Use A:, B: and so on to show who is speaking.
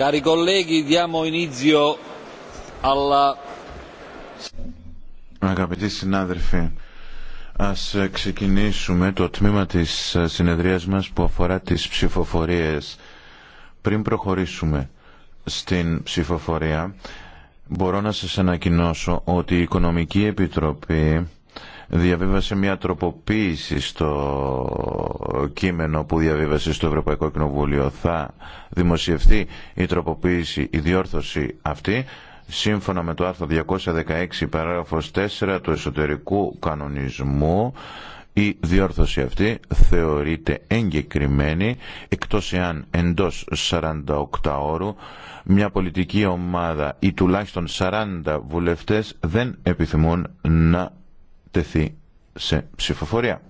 A: Cari colleghi, diamo inizio alla...
B: Αγαπητοί συνάδελφοι, ας ξεκινήσουμε το τμήμα της ε, συνεδρίας μας που αφορά τις ψηφοφορίες. Πριν προχωρήσουμε στην ψηφοφορία, μπορώ να σας ανακοινώσω ότι η Οικονομική Επιτροπή διαβίβασε μια τροποποίηση στο κείμενο που διαβίβασε στο Ευρωπαϊκό Κοινοβούλιο. Θα δημοσιευθεί η τροποποίηση, η διόρθωση αυτή, σύμφωνα με το άρθρο 216 παράγραφος 4 του εσωτερικού κανονισμού, η διόρθωση αυτή θεωρείται εγκεκριμένη εκτός εάν εντός 48 όρου μια πολιτική ομάδα ή τουλάχιστον 40 βουλευτές δεν επιθυμούν να τεθεί σε ψηφοφορία.